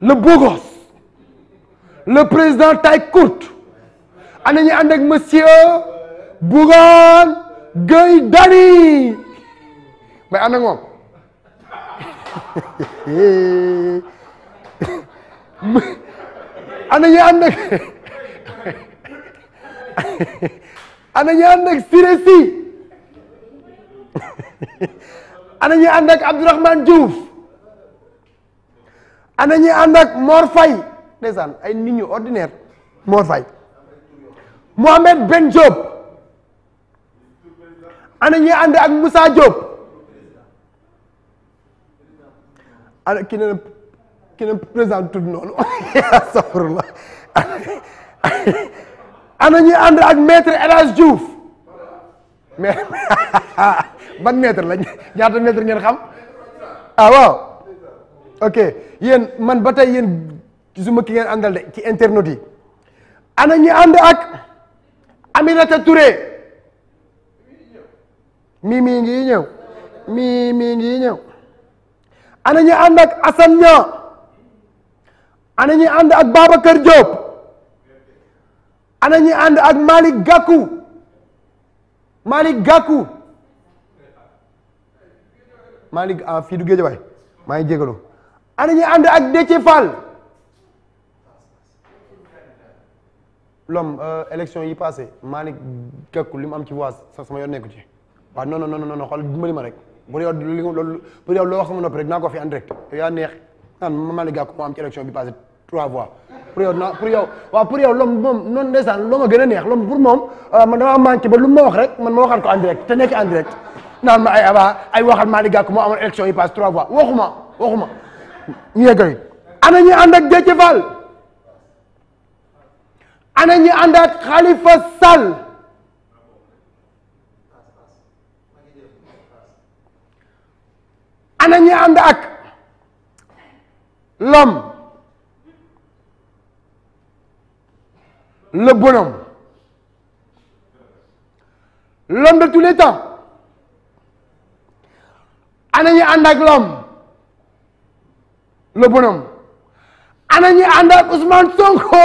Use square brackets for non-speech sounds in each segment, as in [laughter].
le beau le président taille courte ana ñu ànd ak monsieur Bougane Gueye Dany mais ànd ak moom [laughs] ana ñu ànd ak [laughs] ana ñu ànd ak Siré Sy [laughs] ak Abdourahmane Diouf ana ñi ànd ak Mor Faye ay nit ordinair ordinaire Mor Faye Mohamed Ben Diop ana ñi ànd ak Moussa Diop ana ki ne ki ne président tudd noonu [laughs] ana ñi ànd ak maître El Hadj Diouf mais metre [laughs] maître la ñaata maître ngeen xam ah ok yéen man ba tey yéen gisuma ki de ci internautes yi ana ñi ànd ak Aminata Touré mii mii ngi ñëw mii mii ngi ñëw ana ñi ànd ak Assane Niang ana ñi ànd ak Babacar Diop ana ñi ànd ak Malick Gakou Malick Gakou Malick ah, fii du Guédiawaye maa ngi jégalu ana ñu ànd ak Déthié Fall l'homme euh, élection yi passé Malick Gakou li mu am ci voix sax sama yoon nekku ci waaw non non non non xool dimbali ma rek bu yow li loolu bu yow loo wax sama am ci élection bi passé trois voix pour yow naa pour yow waaw pour yow loom moom noonu ndeysaan loo ma gën a neex loom euh, man ba lu ma wax rek man ma waxaat ko en direct te nekk en direct naan ma ay aba ay waxal Malick Gakou moo amoon élection yi passé trois voix waxuma waxuma ñu yeggali ana ñi ànd ak Déthié Fall ana ñi ànd ak Khalifa Sall ana ñi ànd ak l'homme le bonhomme l'homme de tous les temps ana ak l'homme le bonhomme ana ñi ànd ak Ousmane Sonko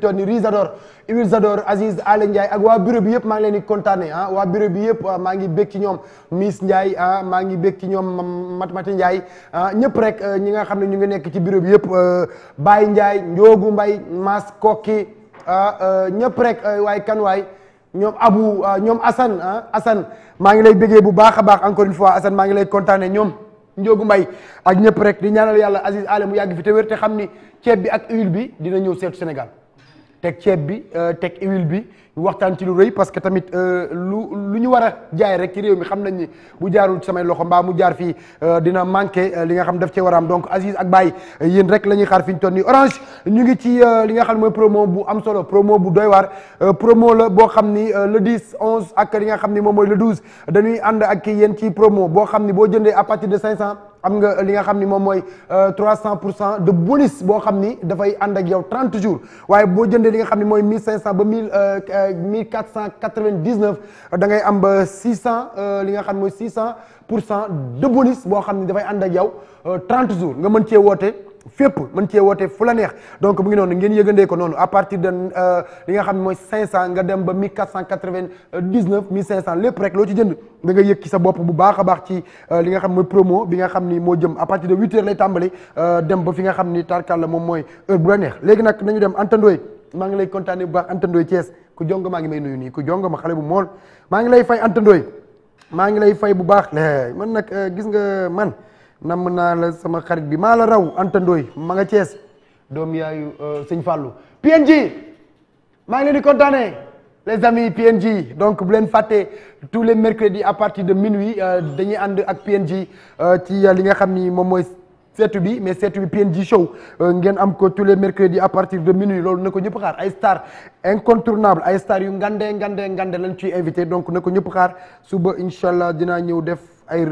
ñu toll ni Rizador Iwil Zador Aziz Alé ak waa bureau bi yëpp maa ngi leen di kontaane ah. waa bureau bi yëpp ah, maa ngi bég ci ñoom Miss Ndiaye ah, maa ngi bég ci ñoom Matamati Ndiaye ah ñëpp rek ñi nga xam ne ñu ngi nekk ci bureau bi yëpp Baye Ndiaye Ndiogu Mbaye Mas Kokki ñëpp rek waay kan waay ñoom Abou ñoom Assane ah Assane maa ngi lay bégee bu baax a baax encore une fois Assane maa ngi lay kontaane ñoom. Ndiogu Mbaye ak ñëpp rek di ñaanal yàlla Aziz Ale mu yàgg fi te wér te xam ni ceeb bi ak huile bi dina ñëw seetu Sénégal teg ceeb bi euh, teg huile bi waxtaan ci lu rëy parce que tamit euh, lu lu ñu war a jaay rek ci réew mi xam nañ ni bu jaarul samay loxo mbaa mu jaar fii euh, dina manqué li nga xam daf cee war am donc Aziz ak Baye yéen rek la ñuy xaar fi ñu ton ni Orange ñu ngi ci li nga xam ne mooy promo bu am solo promo bu doy waar promo la boo xam ni le 10 11 ak li nga xam ni moom mooy le 12 dañuy ànd ak yéen ci promo boo xam ni boo jëndee à partir de 500. am nga li nga xam ni moom mooy 300 euh, pour cent de bonus boo xam ni dafay ànd ak yow 30 jours waaye boo jëndee li nga xam ni mooy 1500 ba 1000 1499 euh, da ngay am ba 600 euh, li nga xam ni mooy 600 pour cent de bonus boo xam ni dafay ànd ak yow 30 jours nga mën cee woote. fépp mën cee woote fu la neex donc mu ngi noonu ngeen yëgandee ko noonu à partir de euh, li nga xam ne mooy 500 nga dem ba 1499 1500 lépp rek loo ci jënd da nga yëg sa bopp bu baax a baax ci euh, li nga xam mooy promo bi nga xam ni moo jëm à partir de 8 heures lay tàmbali euh, dem ba fi nga xam ni tarkal la moom mooy heure bu la neex léegi nag nañu dem antandooy maa ngi lay kontaanee bu baax antandooy cees ku jong maa ngi may nuyu nii ku jong bu mool maa ngi lay fay antandooy maa ngi lay fay bu baax man nag gis nga man. namm naa la sama xarit bi maa la raw antandooy ma nga Cees doom yaayu euh, sëñ Fallou PNJ maa ngi leen di kontaanee les amis PNJ donc bu leen fàttee tous les mercredis à partir de minuit euh, dañuy ànd ak PNJ euh, ci li nga xam ni moom mooy seetu bi mais seetu bi PNJ show ngeen am ko tous les mercredis à partir de minuit loolu na ko ñëpp xaar ay star incontournable ay star yu ngande ngande ngande lañ ci invité donc na ko ñëpp xaar suba incha allah dinaa ñëw def ay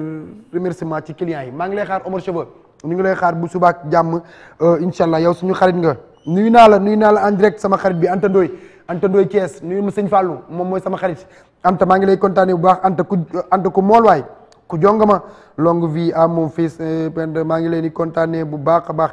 remerciement ci clients yi maa ngi lay xaar Omar Cheveux ñu ngi lay xaar bu subaak jàmm euh, incha allah yow suñu xarit nga nuyu naa la nuyu naa la en direct sama xarit bi Anta Ndoye Anta Ndoye Thiès nuyu ma sëñ Fallou moom mooy sama xarit Anta maa ngi lay kontaane bu baax Anta ku Anta mool waay ku jongama longue vie à fii fils euh, maa ngi leen di kontaane bu baax a baax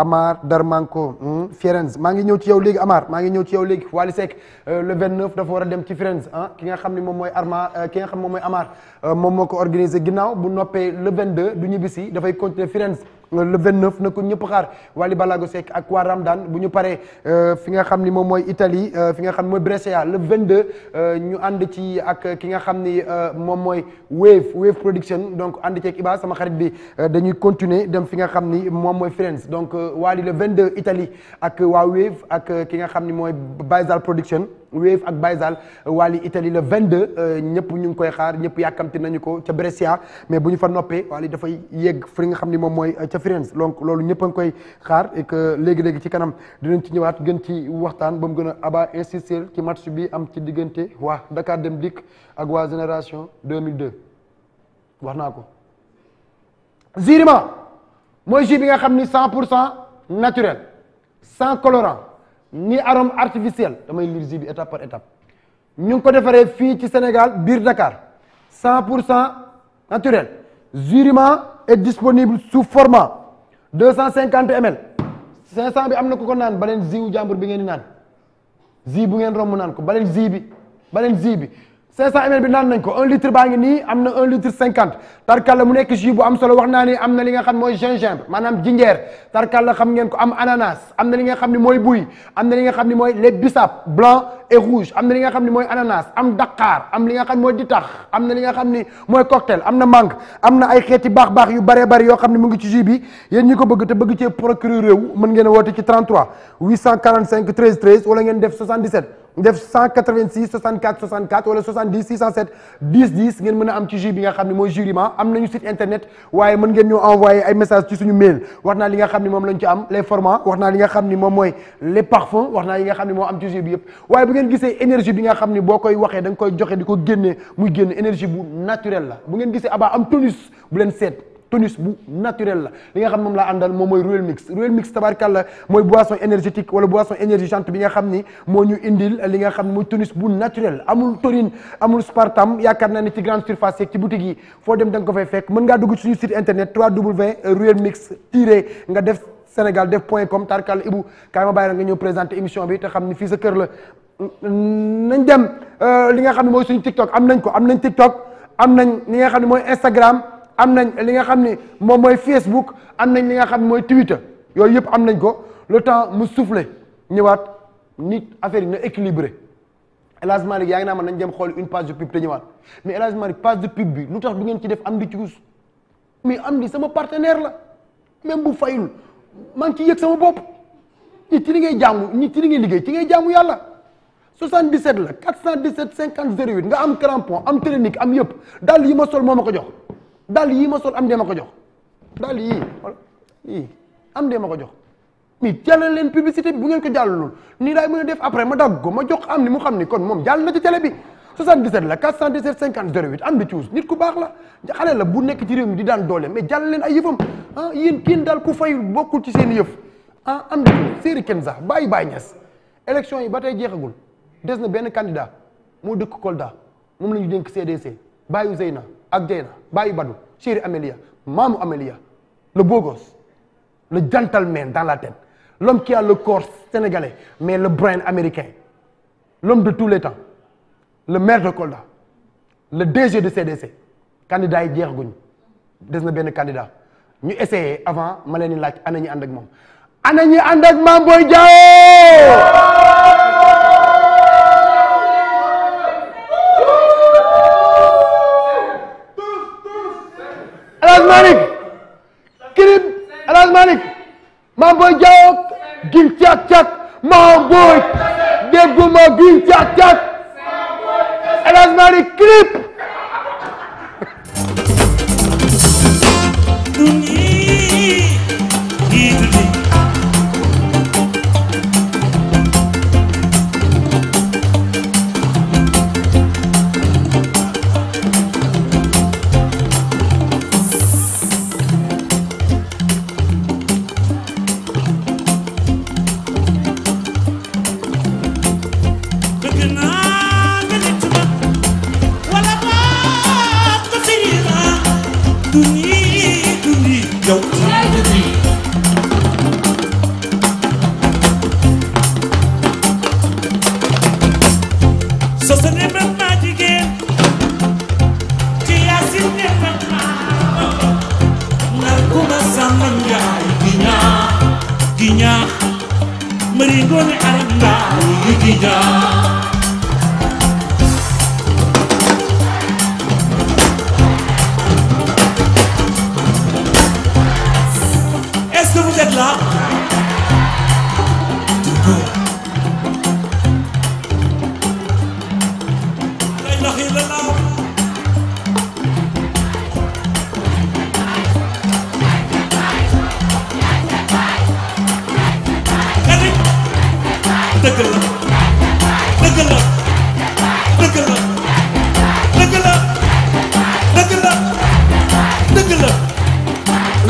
Amar Darmanko hmm? Firenze maa ngi ñëw ci yow léegi Amar maa ngi ñëw ci yow léegi Wally Seck euh, le 29 dafa war a dem ci Firenze ah ki nga xam ne moom mooy Arma euh, nga xam moom mooy Amar euh, moom ko organisé ginnaaw bu noppee le 22 du ñibbisi dafay continuer Firenze le 29 na ko ñëpp xaar Wally balago Seck ak waa Ramdan bu ñu paree euh, fi nga xam ni moom mooy Italie euh, fi nga xam ni mooy Brescia le euh, ñu ànd ci ak ki nga xam ni moom mooy Wave Wave Production donc ànd ceeg Iba sama xarit bi dañuy continuer dem fi nga xam ni moom mooy Friends donc Wally le 22 Italie ak waa Wave ak ki nga xam ni mooy Baysal Production Wave ak Baysal euh, Wally Italie le 22 euh, ñëpp ñu ngi koy xaar ñëpp yàkkamti nañu ko ca Brescia mais bu ñu fa noppee Wally dafay yegg fi nga xam ni moom mooy euh, ca Firenze donc loolu ñëpp a koy xaar et léegi-léegi ci kanam dinañ ci ñëwaat gën ci waxtaan ba mu gën a aba insister ci match bi am ci diggante waa Dakar Dem Dikk ak waa génération 2002 wax naa ko Zirima mooy jus bi nga xam ni 100 pour cent naturel sans colorant ni arôme artificiel damay lire jus bi étape par étape ñu ngi ko defaree fii ci Sénégal biir Dakar cent pour cent naturel jurement est disponible sous format deux cent cinquante ml cinq cent bi am na ko ko naan baleen jiwu jàmbur bi ngeen di naan ji bu ngeen romu naan ko baleen ji bi baleen ji bi 500 ml bi naan nañ ko 1 litre baa ngi nii am na 1 litre 50 tarkalla mu nekk jus am solo wax am na li nga xam mooy gingembre maanaam jinjeer tarkalla xam ngeen ko am ananas am na li nga xam ni mooy buy am na li nga xam ni mooy lait bissap blanc. et rouge am na li nga xam ne mooy ananas am daqaar am li nga xam ne mooy ditax am na li nga xam ni mooy cocktail am na mangue am na ay xeeti baax baax yu baree bari yoo xam ne mu ngi ci jus bi yéen ñi ko bëgg te bëgg cee procurer réew mën ngeen woote ci 33 845 13 13 wala ngeen def 77 def 186 a am ci jus bi nga xam ne mooy juriment am nañu site internet waaye mën ngeen ñoo envoyé ay message ci suñu mail wax li nga xam ne moom lañ ci am li nga xam ni moom mooy les parfums wax moo am ci jus ngeen gisee énergie bi nga xam ni boo koy waxee da koy joxe di ko génnee muy génn énergie bu naturel la bu ngeen gisee abaa am tonus bu leen seet tonus bu naturel la li nga xam moom laa àndal moom mooy Royal Mix Royal Mix tabarkàlla mooy boisson énergétique wala boisson énergisante bi nga xam ni moo ñu indil li nga xam mooy tonus bu naturel amul taurine amul aspartame yaakaar naa ne ci grande surface yeeg ci boutique yi foo dem da nga ko fay fekk mën ngaa dugg ci suñu site internet www.royalmix-nga def Sénégal def point com tarkal Ibou kaay ma nga ñëw présenté émission bi te xam ni fii sa kër la nañ dem euh, li nga xam ne mooy suñu TikTok am nañ ko am nañ TikTok am nañ li nga xam ne mooy Instagram am nañ li nga xam ne moom mooy Facebook am nañ li nga xam ne mooy Twitter yooyu yëpp am nañ ko le temps mu souffler ñëwaat nit affaire yi na équilibré El Hadj Malick yaa ngi naa man nañ dem xool une page de pub te ñëwaat mais El Hadj Malick page de bi lu tax du ngeen ci def am di cuus mais am di sama partenaire la même bu fayul maa ngi ci yëg sama bopp nit ci li ngay jàngu nit ci li ngay liggéey ci ngay jàngu yàlla 77 la 417 50 08 nga am crampon am clinique am yëpp dàll yi ma sol moo ma ko jox dàll yi ma sol am dee ma ko jox dàll yii yii am dee ma ko jox mi jàllale leen publicité bi bu ngeen ko jàllalul nii laay mën a def après ma dagg ko ma jox am ni mu xam ni kon moom jàll na ci télé bi 77 la 417 50 08 am di cuus nit ku baax la xale la bu nekk ci réew mi di daan doole mais jàll leen ay yëfam ah yéen kiin ci seen yëf ah am di cuus séeri Kenza bàyyi bàyyi ñes élection yi ba tey jeexagul des na benn candidat moo dëkk Kolda moom la ñu dénk CDC baayu Zeyna ak Jeyna baayu Badou chéri Amélia maamu Amélia le beau gosse le gentleman dans la tête l'homme qui a le corps mais le brain américain l'homme de tous les temps le maire de Kolda le DG de CDC candidat yi jeexaguñu des na benn candidat ñu essayé avant ma leen di laaj ana ñi ànd ak moom ana alaaj Malick kilib alaaj Malick maam booy jawok gin cak cak maam booy dégguma gin cak cak alaaj Malick kilib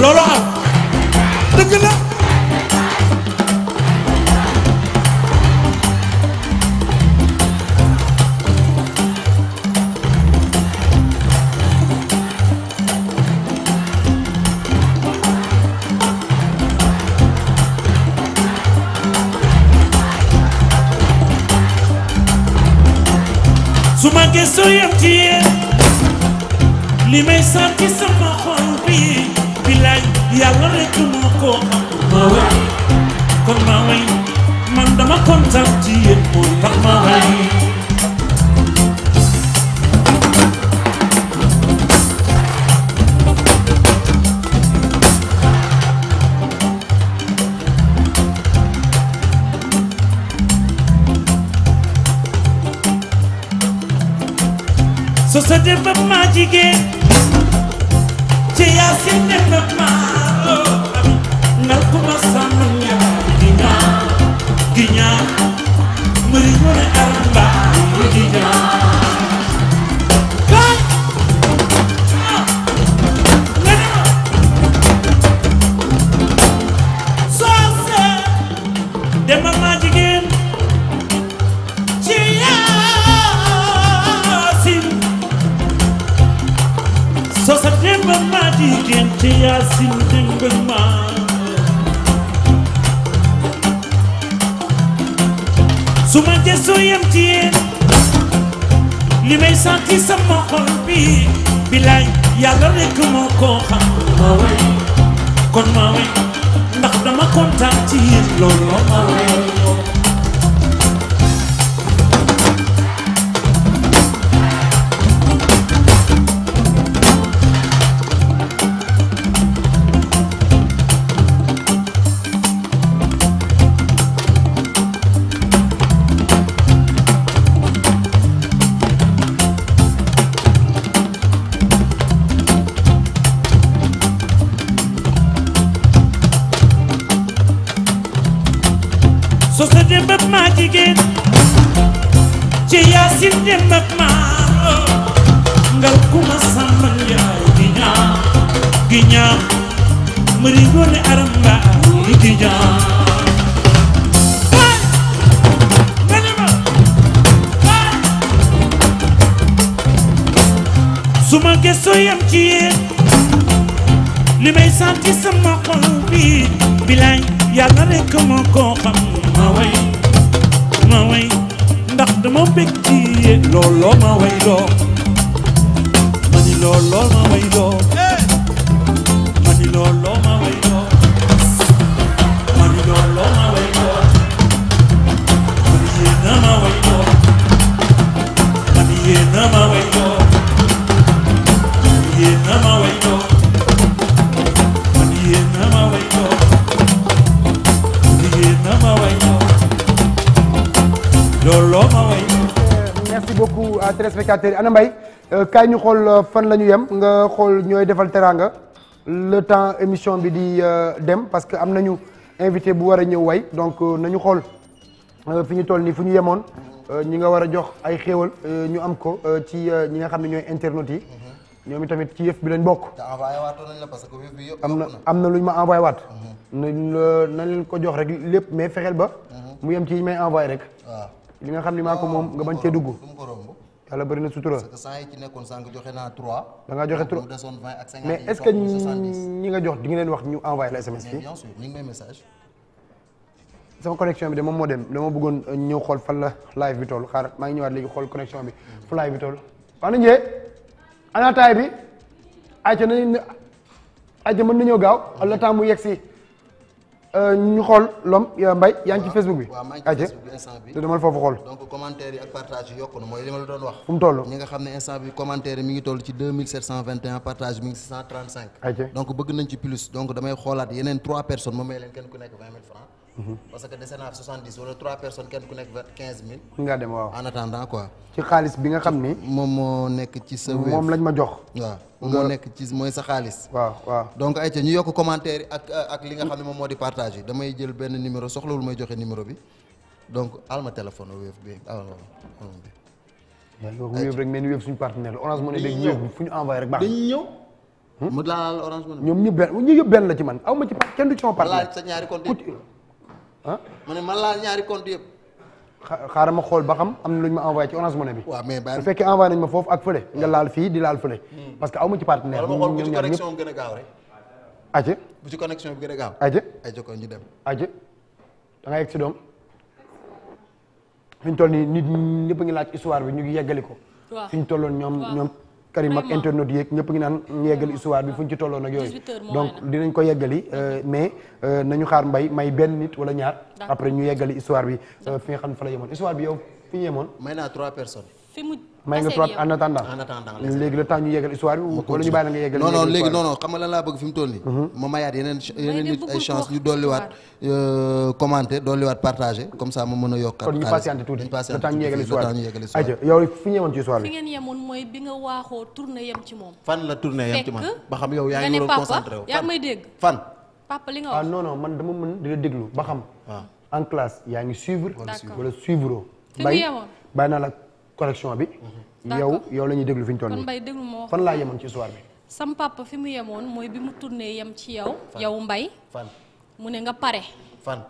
looloo am. yàlla rekk moo ko xam ma way kon ma way ndax dama kontaan ci yéen loolu ma way Asim demek téléspectateurs yi ana mbay euh, ñu xool euh, fan la ñu yem nga xool ñooy defal teraanga le temps émission bi di euh, dem parce que am nañu invité bu war a ñëw way donc nañu xool fi ñu toll nii fu ñu yemoon ñi nga war a jox ay xéewal ñu am ko ci ñi nga xam ne ñooy internautes yi ñoom tamit ci yëf bi lañ bokk. te envoyé waatoon nañ la parce que am na am na lu ñu ma envoyé waat. Mhm. nañ leen ko jox rek lépp mais fexel ba. Mhm. mu yem ci yi may envoyé rek. waaw li nga xam ni maa ko moom nga bañ cee dugg. yàlla bari na sutura. parce que yi ci nekkoon sànq joxe naa 3. da ngaa joxe 3 mu desoon mais est-ce que ñi nga jox di nga leen wax ñu envoyé la SMS bi. bien sûr bi de moom moo dem dama bëggoon ñëw xool fan la live bi tool xaar maa ngi ñëwaat léegi xool connexion bi fu live bi toll. wax nañu yee ana taay bi ayca nañu ayca mën nañoo gaaw le temps mu yegg si. Euh, ñu xool lom euh, Mbaye yaa ngi ci Facebook bi. waaw maa ngi ci Facebook bi demal foofu xool. donc commentaire yi ak partage yi yokku na mooy li la doon wax. fu mu toll nga xam ne instant bi commentaire yi mi ngi toll ci donc bëgg nañ ci plus donc damay xoolaat yeneen trois personnes ma may leen kenn ku nekk vingt mille francs Mhm. parce que dese naa 70 wala 3 personnes kenn ku nekk vers 15000. nga dem waaw en attendant quoi. ci xaalis bi nga xam ni. moom moo nekk ci sa. wéef moom lañ ma jox. waaw nekk mooy sa xaalis. waaw waaw donc ay ca ñu yokk commentaire li nga xam ne moom moo di partage yi damay jël benn numéro soxlawul may joxe al ma téléphone wéef bi waaw ni bi fu ñu envoyé rek baax dañuy ñëw. mu hmm? laal orange money. ñoom ñëpp benn ñoom ñëpp benn la ci man aw ma ci kenn du ci sama partenaire. laaj sa ñaari compte ah ma ne man laa ñaari compte yëpp. xaaral ma xool ba xam am na lu ñu ma envoyé ci Orange Money bi. waaw mais bu fekkee envoyé nañ ma foofu ak fële. nga laal fii di laal fële. Hmm. parce que aw ma ci partenaire. wala ma xool a bu ci connexion bi gën a ñu dem. aje da ngay egg si doom fi ñu toll nii nit ñu a ngi laaj histoire bi ñu ngi yeggali ko. fi ñu tolloon ñoom ñoom. Karim ak internet yeeg ñëpp ngi naan ñu yeggal histoire bi fu ñu ci tolloon ak yooyu donc dinañ ko yeggali euh, mais euh, nañu xaar mbay may benn nit wala ñaar après ñu yeggali histoire bi euh, fi nga xam fala fa la yemoon histoire bi yow fi yemoon may naa trois personnes fi mu may nga soit en attendant en attendant léegi le temps ñu yeggal histoire bi wala ñu bàyyi la nga yeggal non non léegi non non xam nga lan laa bëgg fi toll nii mhm. ma mayaat yeneen yeneen nit ay chance ñu dolliwaat euh, commenter dolliwaat partager comme ça ma mën a yokkaat kon ñu tuuti le temps ñu yeggal histoire bi fi ñu yemoon ci histoire fi ngeen yemoon mooy bi nga waaxoo tourné yem ci moom fan la tourné yem ci man ba xam yow yaa ngi war a concentré wu yaa may dégg fan papa ah, man dama mën di déglu ba xam ah. en classe yaa ngi suivre wala suivre oo bàyyi naa connexion bi. yow yow la déglu fi ñu toll nii. kon Mbaye déglu ma laa yemoon ci soir bi. sam papa fi mu yemoon mooy bi mu tourné yem ci yow. yaw mbay fan mu ne nga pare. fan.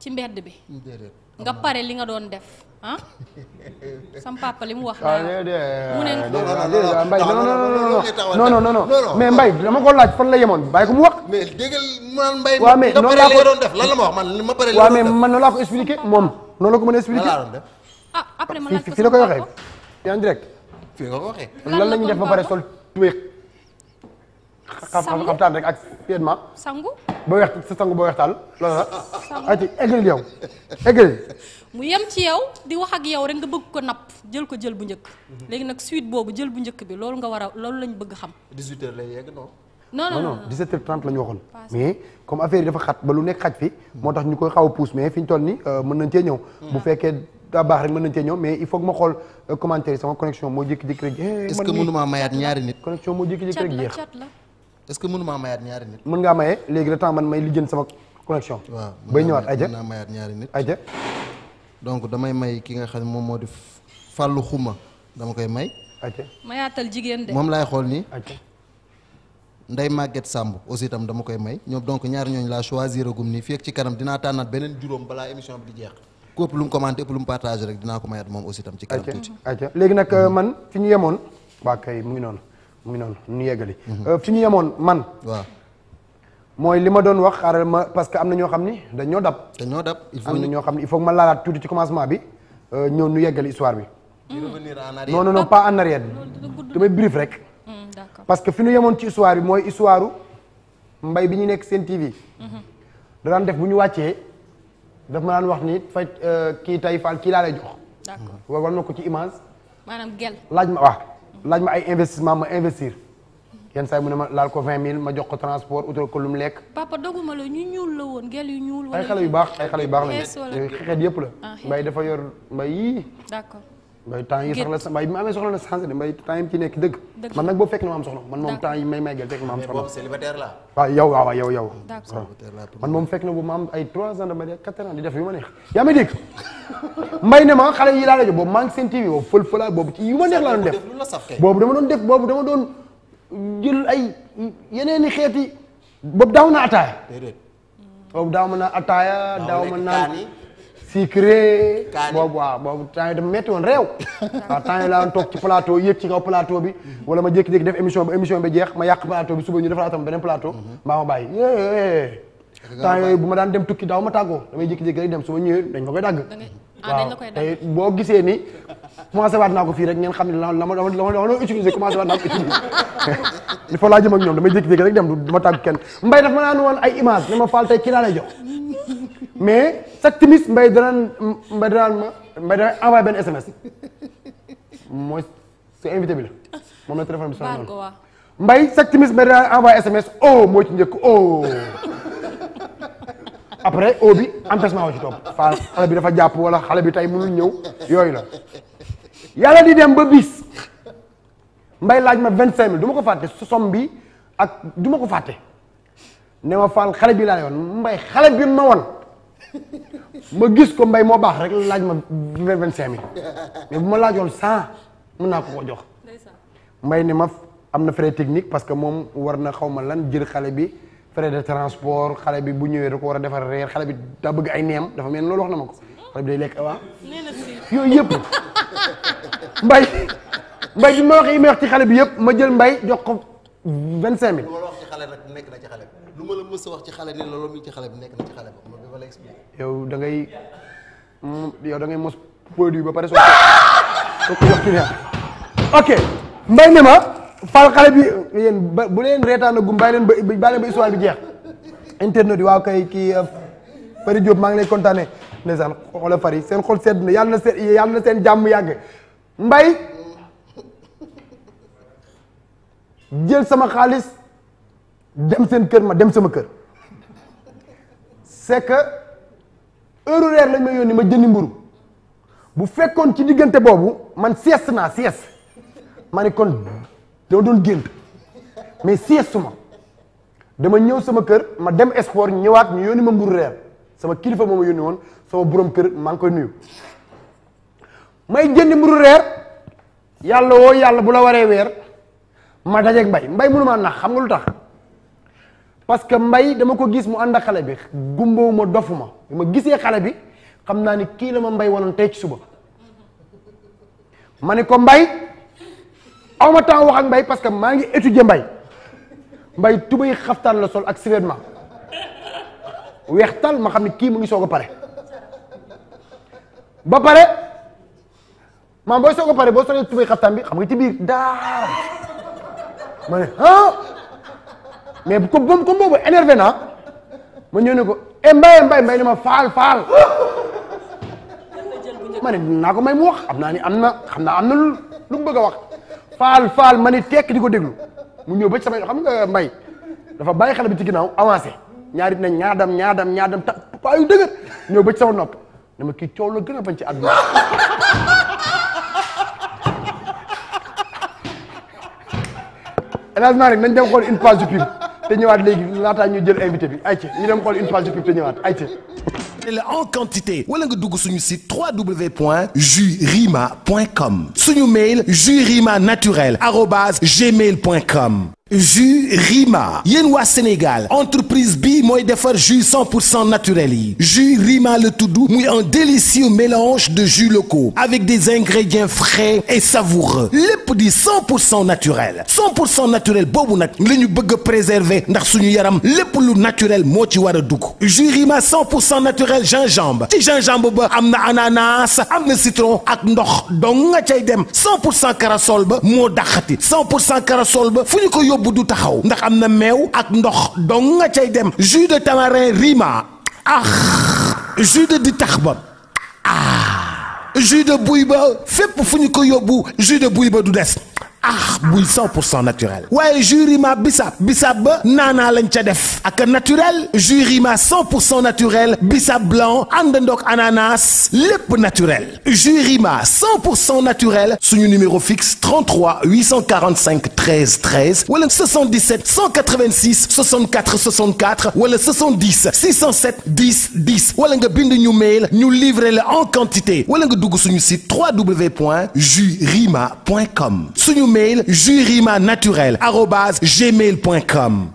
ci mbedd bi. nga pare li nga doon def. ah sam li mu wax. waaw mu ne. mbay non non non non non non mais mbay dama ko laaj fan la yemoon bàyyi ko mu wax. mais mais noonu laa ko doon moom noonu la ko mën a expliqué. ah après ma laaj ko fii la koy waxee fii en direct. fii nga ko waxee. lan la ñuy def ba pare sol tuwee. sangu xaftaan rek ak piedement. sangu. boo weex sa sangu boo weextaal loolu la. sangu ayca eggali yow eggali. mu yem ci yow di wax ak yow rek nga bëgg ko napp jël ko jël bu njëkk. Mhm. léegi nag suite boobu jël bu njëkk bi loolu nga war a loolu lañ bëgg xam. 18h lay yegg non. non non non 17h30 la ñu waxoon. mais comme affaire yi dafa xat ba lu nekk xaj fi. moo tax ñu koy xaw a pousse mais fi ñu toll nii euh, mën nañ cee ñëw. Mm. bu fekkee. daa baax rek mën nañu cee ñëw mais il faut ma xool euh, commentaire yi sama moo jékki-jékki rek. est-ce que mënuma mayaat ñaari nit. connexion moo jékki mayaat ñaari nit. mën ngaa maye léegi le temps man may lijjën sama connexion. waaw bay ñëwaat Adja mën naa mayaat ñaari nit. aja donc damay may ki nga xam moom moo di fàllu xuma dama koy may. Adja mayaatal jigéen de. moom laay xool nii. Adja Ndeye Maguette Samb aussi itam dama koy may ñoom donc ñaari ñooñu laa choisir agum nii fii ak ci kanam dinaa tànnaat beneen juróom balaa émission bi di jeex ku ëpp lu mu commenté ëpp lu mu partagé rek dinaa ko mayaat moom aussi tam ci kanam tuuti léegi nag euh, man fi ñu yemoon waa kay mu ngi noonu mu ngi noonu ñu yeggali mhm. euh, fi ñu mooy li ma doon wax xaaral ma parce que am na ñoo xam ni dañ ñoo dab dañ ñoo dab il ñoo xam ni il ma laalaat tuuti ci commencement bi euh, ñëw ñu yeggali histoire bi mm. non non non ah, pas en arrière damay brief rek mm, parce que fi ñu yemoon ci histoire bi mooy histoire mbay bi ñu nekk seen TV mhm. da daan def bu ñu wàccee daf ma daan wax ni faj euh, kii tey Fall kii laa lay jox. d'accord war na ko ci image. maanaam gel laaj ma waa laaj ma ay investissement ma investir. yenn saa yi mu ne ma laal ko vingt mille ma jox ko transport utal ko lu mu lekk. papa doguma la ñu ñuul la woon gel yu ñuul. wala ay xale yu baax ay xale yu baax lañu. xeet yëpp la. Ah, mbay dafa yor mbay yii. d'accord. mbay temps yi soxla sa mbay mbay temps yi ci nekk man nag boobu fekk na ma am soxla man moom temps yi may maygel fekk na ma am soxla célibataire la waaw yow waaw yow fekk na boobu ma am ay trois ans de mariage yu ma neex yaa may mbay ne ma xale yi laa la jox boobu maa ngi seen TV boobu fël fëla boobu ci yu ma neex laa doon def boobu dama doon def boobu dama doon jël ay yeneeni xeeti boobu daaw ataaya boobu daaw ma na ataaya daaw ma naan sucré. kaani boobu waaw boobu temps yi dafa métti woon réew. [laughs] temps toog ci plateau yéeg ci kaw plateau bi. wala ma jékki-jékki def émission ba émission bi jeex ma yàq plateau bi suba ñu defaraat tam beneen plateau. Mhm. mbaa ma bàyyi yee. temps bu ma daan dem tukki daaw ma tàggoo damay jékki-jékki rek dem su ma ñëwee dañ koy dagg. Ah, waaw boo gisee ni commencé waat naa ko fii rek ngeen xam ne la ma la ma la ma utiliser commencé waat naa ko utiliser [laughs] il faut laa dem du ma tàgg kenn mbay daf ma naan woon ay image ne ma faal tey kii laa lay jox mais chaque timis mbay danaan mbay danaan ma mbay danaan envoyé benn SMS mooy sa invité bi la moom la téléphone bi sonal noonu mbay chaque timis mbay danaan envoyé SMS oh moo ci njëkk oh après oh bi empêchement wa ci topp fa xale bi dafa jàpp wala xale bi tey mënul ñëw yooyu la yàlla di dem ba bis mbay laaj ma vingt cinq mille du ma ko fàtte sosom bi ak du ma ko fàtte ne ma faal xale bi laa yoon mbay xale bi ma woon ma gis ko mbay moo baax rek laaj ma vingt cinq mille [laughs] mais bu ma laajoon cent mën naa ko ko jox mbay ne ma am na frais technique parce que moom war na xaw ma lan jël xale bi frais de transport xale bi bu ñëwee da ko war a defar reer xale bi daa bëgg ay neem dafa mel loolu wax na ma ko xale bi day lekk waa yooyu yëpp mbay mbay bi ma wax yi ma yëpp ma jël mbay jox ko vingt cinq mille lu ma nekk na xale bi lu ma la xale ni la ci xale bi nekk dafa yow da ngay mm, yow da ngay mos produit ba pare soo ko jox client. ok mbay ne ma fal xale bi yéen ba bu leen reetaan gum bàyyi leen ba bàyyi leen ba histoire bi jeex internet yi waaw kay kii euh, Fary Diop maa ngi lay kontaane ndeysaan xoolal Fary seen xol sedd na yàlla na seen yàlla na seen jàmm yàgg mbay jël sama xaalis dem seen kër ma dem sama kër. c'est que heure reer lañ ma yónni ma jëndi mburu bu fekkoon ci diggante boobu man sieste naa sieste ma ne kon dama doon gént mais sieste suma dama ñëw sama kër ma dem sport ñëwaat ñu yónni ma mburu reer sama kilifa moo ma yónni woon sama borom kër maa ngi koy nuyu may jënd mburu reer yàlla woo yàlla bu la waree weer ma dajeeg mbay mbay mënu maa nax xam nga lu tax parce que mbay dama ko gis mu ànd ak xale bi gumbawu ma dofu ma ma gisee xale bi xam naa ni kii la ma mbay wanoon tey ci suba ma ne ko mbay awma ma temps ak mbay parce que maa ngi étudier mbay mbay tubay xaftaan la sol ak survêtement weextal ma xam ne kii mu ngi soog a pare ba pare maam booy soog a pare boo solee tubay xaftaan bi xam nga ci biir daar ma ne ah mais comme comme comme boobu énervé naa ma ñëw ne ko eh mbay mbay mbay ne ma faal faal. ma ne naa ko may mu wax xam naa ni am na xam naa am na lu lu mu bëgg a wax faal faal ma ne tekk di ko déglu mu ñëw ba ci sama xam nga mbay dafa bàyyi xale bi ci ginnaaw avancé ñaari nañ ñaadam ñaadam ñaadam ta paa yu dëgër ñëw ba ci sama nopp ne ma kii coow la gën a bañ ci àdduna élargement rek nañ dem xool une page de pub. te ñëwaat léegi laataa ñu jël invité bi ayca ñu dem xool une page de pub te ñëwaat la en quantité wala nga dugg suñu site www.jurima.com suñu mail jurima naturel point gmail.com. jus Rima yéen waa Sénégal entreprise bii mooy defar jus 100 pour cent naturel yi jus Rima la tudd muy un délicieux mélange de jus locaux avec des ingrédients frais et savoureux lépp di 100 pour cent naturel 100 pour naturel boobu nag la ñu bëgg a ndax suñu yaram lépp lu naturel moo ci war a dugg jus Rima 100 pour cent naturel gingembre ci gingembre ba am na ananas am na citron ak ndox donc nga cay dem 100 pour ba moo daxati 100 pour fu ñu ko bu du taxaw ndax am na meew ak ndox dong nga cay dem jus de tamarin rima ah jus di tax ba ah jus buy ba fépp fu ñu ko yóbbu jus de buy ba du des ah buy 100 pour cent naturel waaye Jurima bisaab bisaab ba naanaa lañ ca def ak naturel Jurima 100 pour cent naturel bisaab blanc àndandoog ananas lépp naturel Jurima 100 pour cent naturel suñu numéro fixe 33 845 13 13 wala 77 186 64 64 wala 70 607 10 10 wala nga bind ñu mail ñu livre la en quantité wala nga dugg suñu site www.jurima.com suñu mail jurima naturel arobase gmail point com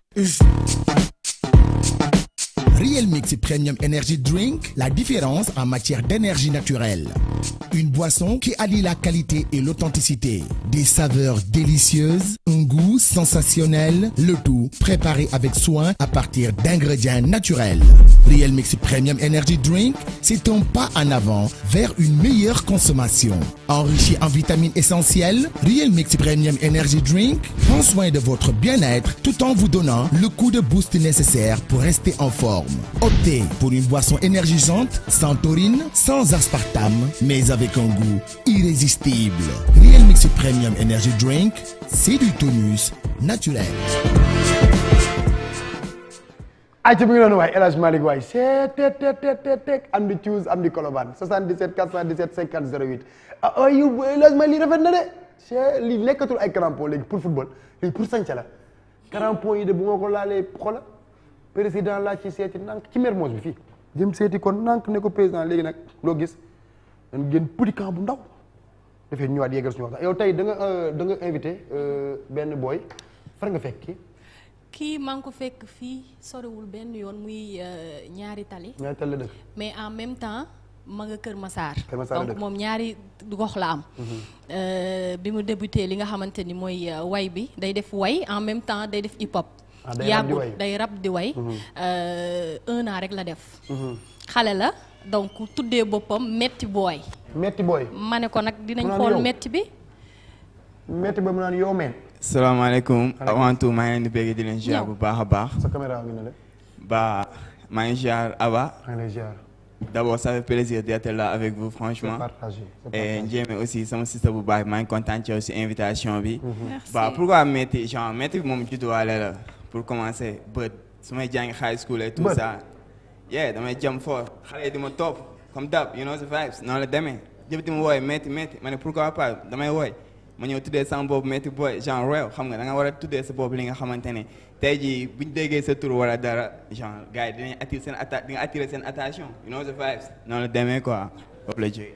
Real Mix Premium Energy Drink, la différence en matière d'énergie naturelle. Une boisson qui allie la qualité et l'authenticité. Des saveurs délicieuses, un goût sensationnel, le tout préparé avec soin à partir d'ingrédients naturels. Real Mix Premium Energy Drink, c'est un pas en avant vers une meilleure consommation. Enrichi en vitamines essentielles, Real Mix Premium Energy Drink prend soin de votre bien-être tout en vous donnant le coup de boost nécessaire pour rester en forme. forme. Optez pour une boisson énergisante, sans taurine, sans aspartame, mais avec un goût irrésistible. Real Mix Premium Energy Drink, c'est du tonus naturel. ayca mi ngi doon waay El Hadj Malick waay seet teet teet teet am di Thious am di Colobane 77 417 50 08 ah waay yow El Hadj Malick lii rafet na de c'est lii nekkatul ay crampons léegi pour football pour sànq la crampons yi de bu ma ko laalee président laa ci seeti nank ci Mermoz bi fii jëm seeti kon nank ne ko président léegi nag loo gis dañ génn petit camp bu ndaw dafay ñëwaat yeggal suñu waxtaan yow tey da nga euh, invité euh, benn booy far nga fekk kii kii maa ngi ko fekk fii sorewul benn yoon muy euh, ñaari tali ñaari tali la dëkk mais en même temps ma nga Kër masaar donc moom ñaari gox la am mhm. bi mu débuté li nga xamante ni mooy way bi day def way en même temps day def hip hop Ah, yàggul day rab di way mm-hmm. euh, un an rek la def mm-hmm. xale la donc tuddee boppam metti booy metti booy ma ne ko nag dinañ xool metti bi metti booy mu naan yow meen salaamaaleykum avant tout maa ngi leen di bëgg bu baax a baax sa caméra ngi ne maa ngi ziar Aba d'abord ça fait plaisir d'être la avec vous franchement partagé, et Ndiémé aussi sama sister bu baax maa ngi kontaan ci aussi invitation bi ba pourquoi metti genre metti bi moom judduwaale la pour commencer bët su may jàngi high school et tout ça. yeah damay jëm fort xale yi di ma topp comme dab you know the vibes noonu la demee ñëpp di ma wooy métti métti ma ne pourquoi pas damay wooy ma ñëw tude sama boobu métti booy genre rew xam nga da nga war a tuddee sa boobu li nga xamante ne tey jii bu ñu déggee sa tur wala dara genre gars yi dinañ attirer seen atta di nga attirer seen attention you know the vibes noonu la demee quoi foofu la jógee.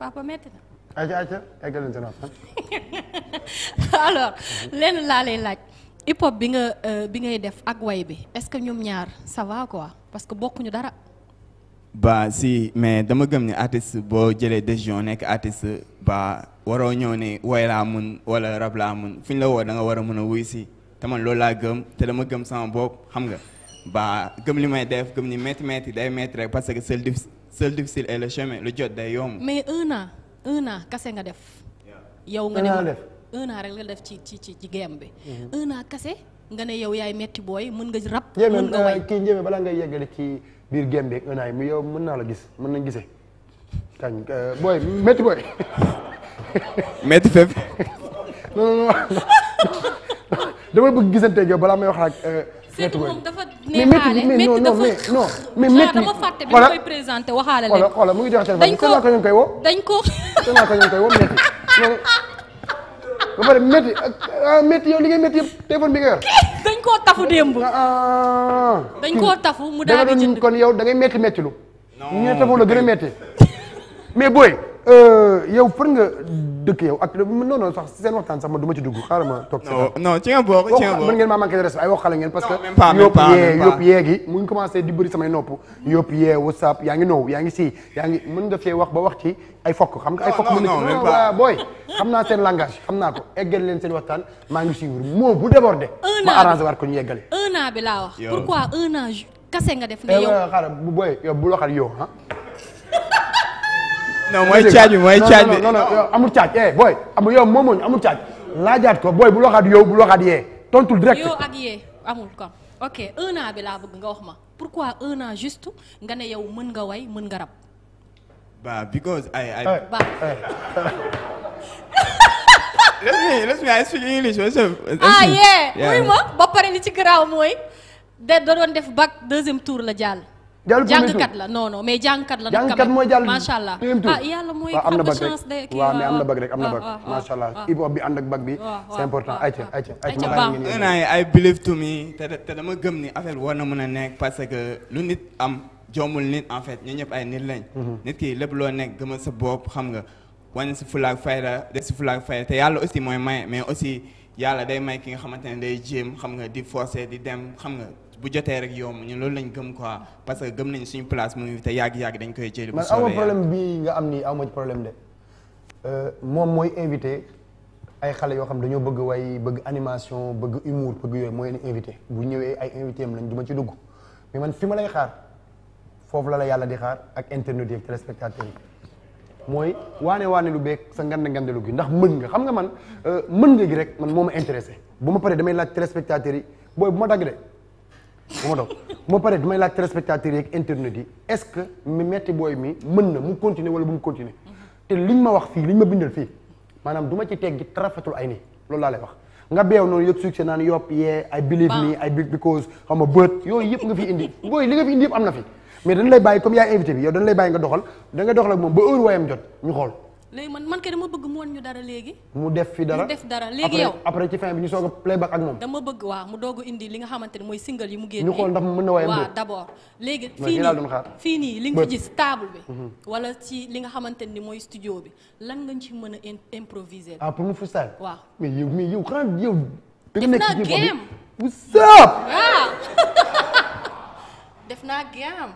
papa métti na. [laughs] alors lenn laa lay hip bi nga euh, bi ngay def ak way bi est-ce que ñoom ñaar ça va quoi parce que bokkuñu dara. ba si mais dama gëm ni artiste boo jëlee décision nekk artiste ba waroo ñëw ni way laa mun wala rab laa mun fu ñu la woo da nga war a mun a wuy si te man loolu laa gëm te dama gëm sama boo xam nga ba gëm li may def gëm ni métti métti day métti rek parce que seul difficile seul difficile est le chemin lu jot day yomb. mais un an kase nga def. yow nga def un an rek la def ci ci ci ci game bi. Mhm. un an kase nga ne yow yaay metti booy mën nga rap. mën bala way euh, kii njëme ngay yeggale ci biir game bi un yi yow mën naa la gis mën nañ gise kañ euh, booy metti booy. [laughs] metti fépp. [laughs] non non non dama bëgg gisante ak yow balaa may wax ak. Euh, métti moom dafa neexaale mais métti dafa non mais métti dama fàtte bi koy présenté waxaale leen. mu ngi joxe téléphone dañ ko ko dañ ko dañ dañ ko dañ ko ko dañ ko dañ ko ba pare métti ah, ah métti yow li ngay métti yëpp bi nga yor. dañ koo tafu démb. Ah, ah. dañ koo tafu mu daal di kon yow da ngay métti métti lu. ñu ne tafu la gën a métti mais booy. Euh, yow fër nga dëkk yow ak non non sax seen waxtaan sax ma du ma ci dugg xaaral ma toog si non ci nga ngeen maa manqué de respect ay wax xale ngeen parce que yópp yee yópp yee gi mu ngi commencé di bëri samay nopp yópp yee whatsapp yaa ngi noow yaa ngi sii yaa ngi mën nga fee wax ba wax ci ay fokk xam nga ay fokk mën na ah, booy xam naa seen langage xam naa ko eggal leen seen waxtaan maa ngi suivre moo bu débordé ma arrangé waat ko ñu yeggale un an bi laa wax nga def bu eh, booy yow bu waxal yow ah [laughs] non mooy caaj bi mooy caaj bi non non amul caaj eh booy amul yow laajaat ko booy bu loxaat yow bu loxaat yee tontul direct. yow ak yee amul kon ok un an bi laa nga wax ma pourquoi un an juste nga ne yow mën nga way mën nga rab. ba because I I. Eh, ba. Eh. [laughs] let ah, [laughs] ma ba pare li ci garaaw mooy. de da doon def bac deuxième tour la jàll. jàll jàngkat la non non mais jàngkat la. jàngkat mooy jàll macha allah yàlla mooy am na bag rek waaw am na bag rek am na bag macha allah hip hop bi ànd ak bag bi c'est important ayca ayca ayca ma naa ne I believe to me te te dama gëm ni affaire war na mën a nekk parce que lu nit am joomul nit en fait ñu ñëpp ay nit lañ mhm. nit ki lépp loo nekk gëmal sa bopp xam nga wane si fulaak fayda de si fulaak fayda te yàlla aussi mooy may mais aussi yàlla day may ki nga xamante ne day jéem xam nga di forcer di dem xam nga bu jotee rek yomb ñun loolu lañ gëm quoi parce que gëm nañ suñu place mu ngi te yàgg yàgg koy jëli. bu soobee euh, moom mooy invité ay xale yoo xam dañoo bëgg way bëgg animation bëgg humour bëgg yooyu mooy invité bu ñëwee ay invité am lañ ma ci dugg mais man fi ma lay xaar foofu la la yàlla di xaar ak internet yi yi. mooy waane waane lu beeg sa ngande ngande lu gi ndax mën nga xam nga man euh, mën nga gi rek man moo ma intéressé bu ma paree damay laaj téléspectateurs yi booy ma dagg de bu ma doog moo pare damay laaj téléspectateurs yi ak internet yi est-ce que mi metti booy mi mën na mu continuer wala bu mu continuer te liñ ma wax fii liñ ma bindal fii maanaam du ma ci teggi rafetul ay nii loolu laa lay wax nga beew noonu yëg succès naan yopp yee ay believe me ay big because xam nga bët yooyu yëpp nga fi indi booy li nga fi indi yëpp am na fi mais dañ lay bàyyi comme yaay invité bi yow dañ lay bàyyi nga doxal da nga doxal ak moom ba heure jot ñu xool léegi man man kay dama bëgg mu wan ñu dara léegi. mu def fi dara mu dara léegi yow après ci fin bi ñu soog a playback ak moom. dama bëgg waa mu doog a indi li nga xamante ne mooy single yi mu génne. ñu xool ndax mën na waaye waaw d' abord. léegi fii nii fii nii li nga ko gis table bi. Mhm. wala ci li nga xamante ni mooy studio bi lan nga ci mën a improviser. ah pour mu freestyle. waaw mais yow mais yow xanaa yow. def naa game waaw. [laughs] def naa game.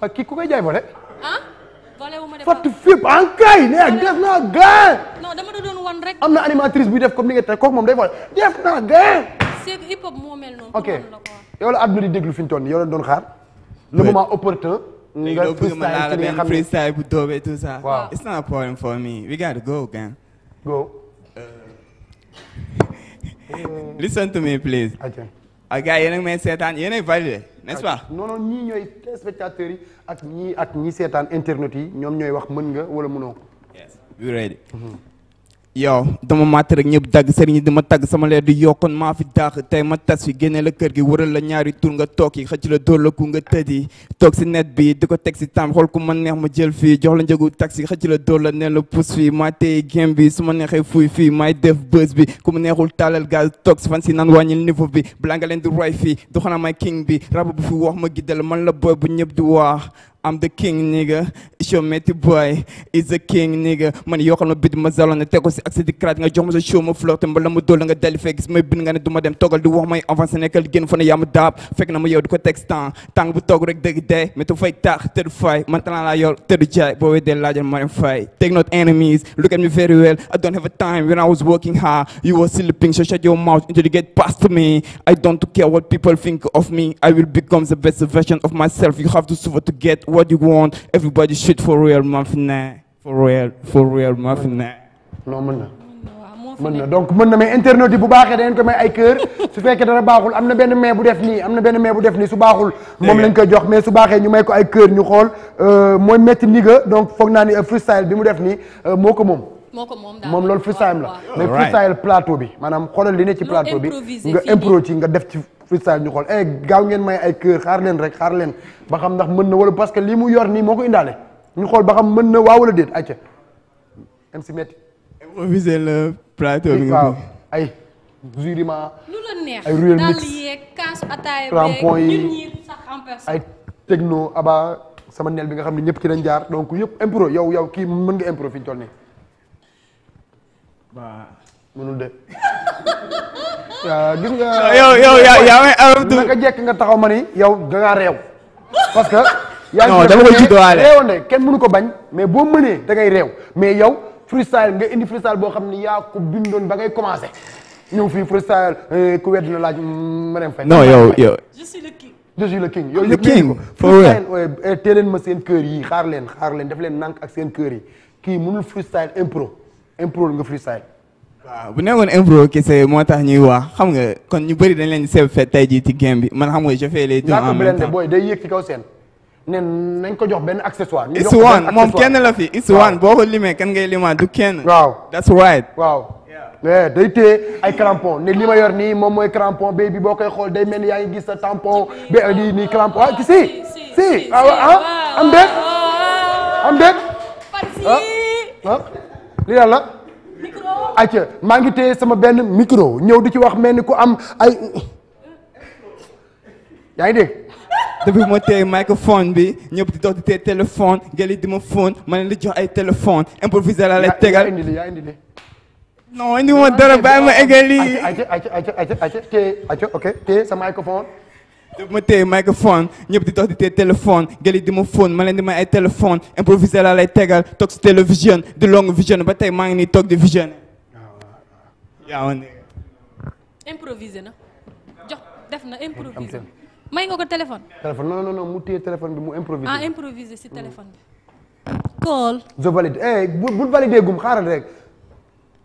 ah kii ku koy jaay boole. ah. fàtt fépp ankay ne def naa gain. non am na animatrice buy def comme ni nga tey kooku moom def naa gain. c'est hip hop ok yow la àdduna di déglu fi ñu toll nii yow la doon xaar. le moment opportun. nga freestyle ci li nga xam ne bu doobee tout ça. it's not a problem for me we gotta go again. go. [laughs] listen to me please. waaw gars yéen a may seetaan yéen a validé n'est-ce pas. non ñii ñooy spectateurs yi ak ñii ak ñi seetaan internet yi ñoom ñooy wax mën nga wala mënoo. yes you ready. Mhm. yow dama màtt rek ñëpp dagg sëriñ di ma tagg sama leer di yokkoon maa fi daax tey ma tas fi génne la kër gi wëral la ñaari tur nga toog yi xëcc la dóor la ku nga tëddi toog si di ko teg si tam xool ku neex ma jël fii jox la njëgu taxi xëcc la dóor la neen la pousse fii maa téye game bi su ma neexee fuuy fii maay def bës bi ku mu neexul taalal gaz toog si fan si naan wàññil niveau bi balaa nga leen di roy fii du xanaa may king bi rab bu fi wax ma giddal man la boy bu ñëpp di wax I'm the the king nigga man yokkal ma bit ma zaloon ne teg ko si accès di craat nga jox ma show ma flirté mbala mu dool nga dali fee may bind nga ne du dem toggal di wax may avancé nekkal génn fa ne yaa daab fekk na ma yow di ko teg temps tàng bu toog rek dëgg dee mais tu fay taax tëdd fay man laa yor tëdd jaay boo wee dee laajal ma fay take not enemies look at me very well I don't have a time when I was working hard you were sleeping so shut what you want everybody shoot for real maa fi ne for real for real maa fi ne. na. donc mën na mais internet yi bu baaxee da ngeen may ay kër su fekkee dara baaxul am na benn mais bu def nii am na benn mais bu def nii su baaxul moom lañ koy jox mais su baaxee ñu may ko ay kër ñu xool euh, mooy métti niga donc foog naa ni euh, freestyle bi mu def nii euh, moo ko moom moo moom daal moom loolu la mais freestyle plateau bi maanaam xoolal li ne ci plateau bi nga impro ci nga def ci freestyle ñu xool eh gaaw ngeen may ay kër xaar leen rek xaar leen ba xam ndax mën na wala parce que li mu yor nii moo ko indaale ñu xool ba xam mën na waaw wala déet acca MC Metti improviser le plateau bi waaw ay juriment la neex ay ruel mix tampon yi ay techno aba sama neel bi nga xam ne ñëpp ci dañ jaar donc yëpp impro yow yow kii mën nga impro fi ñu nii mënul de. [laughs] gis nga. yow yow yaa yaa may aram tu naka jekk nga taxaw ma ni yow da ngaa réew. parce que. [laughs] yaa ngi dama koy juddowaale réewoon de kenn mënu ko bañ mais boo mënee da ngay réew mais yow freestyle nga indi freestyle boo xam ni yaa ko bindoon ba ngay commencé. ñëw fii freestyle eh, ku wedd na laaj mm, ma dem fay. non yow yow. je eh, leen ma seen kër yi xaar leen xaar leen def leen nank ak seen kër yi kii mënul freestyle impro. impro nga freestyle. waaw bu nekkoon impro kese moo tax ñuy wax xam nga kon ñu bëri dañ leen seeb fet tey jii ci game bi man xam nga je fais les deux en même temps day yéeg ci kaw ne nañ ko jox benn accessoire. ñu jox ko benn accessoire moom kenn la fi. waaw Iswan boo ko limee kan ngay limaa du kenn. waaw that's right. waaw. mais eh, day téye ay crampon ne li yor nii moom mooy crampon béy bi boo koy xool day men ni gis sa tampon bi lii nii crampon ah si. si am ah, ah, déet li daal la. maa ngi téye sama benn micro ñëw di ci wax mel ni ku am ay. yaa ngi dégg. depuis ma téye microphone bi ñëpp di dox di téye téléphone gëli di ma phone ma leen di jox ay téléphone improviser la lay tegal. yaa indi li dara bàyyi ma eggali. acca acca acca acca téye acca sa microphone. daf ma téye microphone ñëpp di dox di téye téléphone gëli di ma phone ma di may ay téléphone improvisé laa lay tegal toog si télévision di longue vision ba tey maa ngi nii toog di vision yaa ngi improvisé na jox def na improvisé may nga ko téléphone. téléphone non non non mu téye téléphone bi mu improvisé. ah improvisé si téléphone bi. call. je valide eh, gum xaaral rek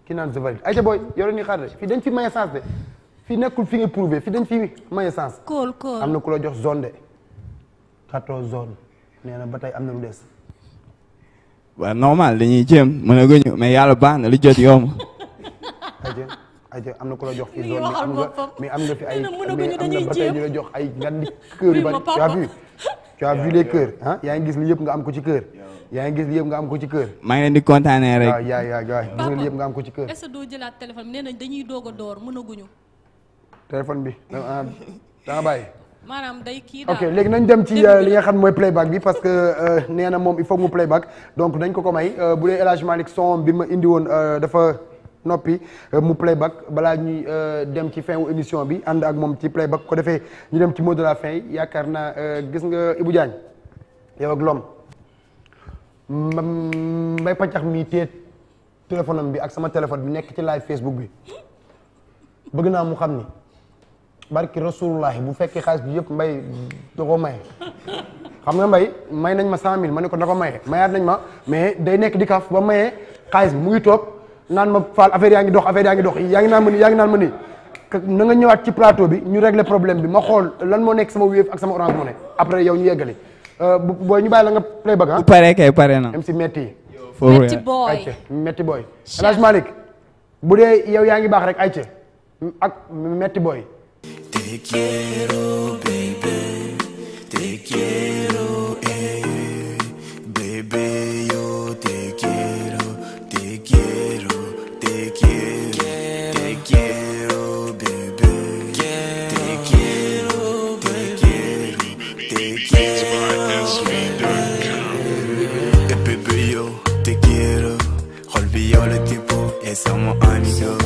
ki naan je valide ayca booy yow dañuy xaaral fii dañ fi may message fii nekkul fi nga prouvé fii dañ fi maye sens. kool kool am na ku la jox zone de. 14 zone nee na ba tey am na lu des. waaw normal dañuy jéem mën a gëñu mais yàlla baax na li jot yoom [laughs] aja aja am na ku la jox fii zone bi am nga mais am nga fi ay am na ba tey ñu la jox ay nga di kër yu [laughs] bari kër ah yaa ngi gis li yëpp nga am ci kër. yaa gis li yëpp am ko ci kër. maa ngi di kontaanee rek. waaw yaa yaa yaa gis nga li ko ci kër. doo jëlaat téléphone nee nañ dañuy doog a door mënaguñu téléphone bi da ah, bàyyi. maanaam day ok léegi nañ dem ci euh, li nga xam mooy playback bi parce que euh, neena moom il faut mu playback donc dañ ko ko may euh, bu dee El Hadj Malick son bi ma indiwoon woon dafa noppi mu playback balaa ñuy dem ci fin wu émission bi ànd ak moom ci playback ko defee ñu dem ci mot de la fin yi yaakaar naa gis nga Ibou Diagne yow ak lom mbay pàccax mi téye téléphone am bi ak sama téléphone bi nekk ci live Facebook bi bëgg naa mu xam ni. barki rasulullahi bu fekkee xaalis bi yëpp mbay da ko maye xam nga mbay may nañ ma cent mille ma ne ko na ko maye mayaat nañ ma mais day nekk di kaaf ba maye xaalis bi mu ngi toog naan ma faal affaire yaa ngi dox affaire yaa ngi dox yaa ngi naan ma nii yaa ma nga ñëwaat ci plateau bi ñu régler problème bi ma xool lan moo nekk sama wéef ak sama orange mu ne après yow ñu yeggali euh, bu booy ñu bàyyi la nga play back ah. bu paree kay pare na même si metti yi metti booy metti booy El Hadj bu dee yow yaa ngi baax rek ayca ak metti booy Te quiero, baby, te quiero, eh, baby, yo te quiero, te quiero, te quiero, te quiero, baby, te quiero, te quiero, te quiero, baby, yo te quiero, olvida el tiempo, estamos amigos.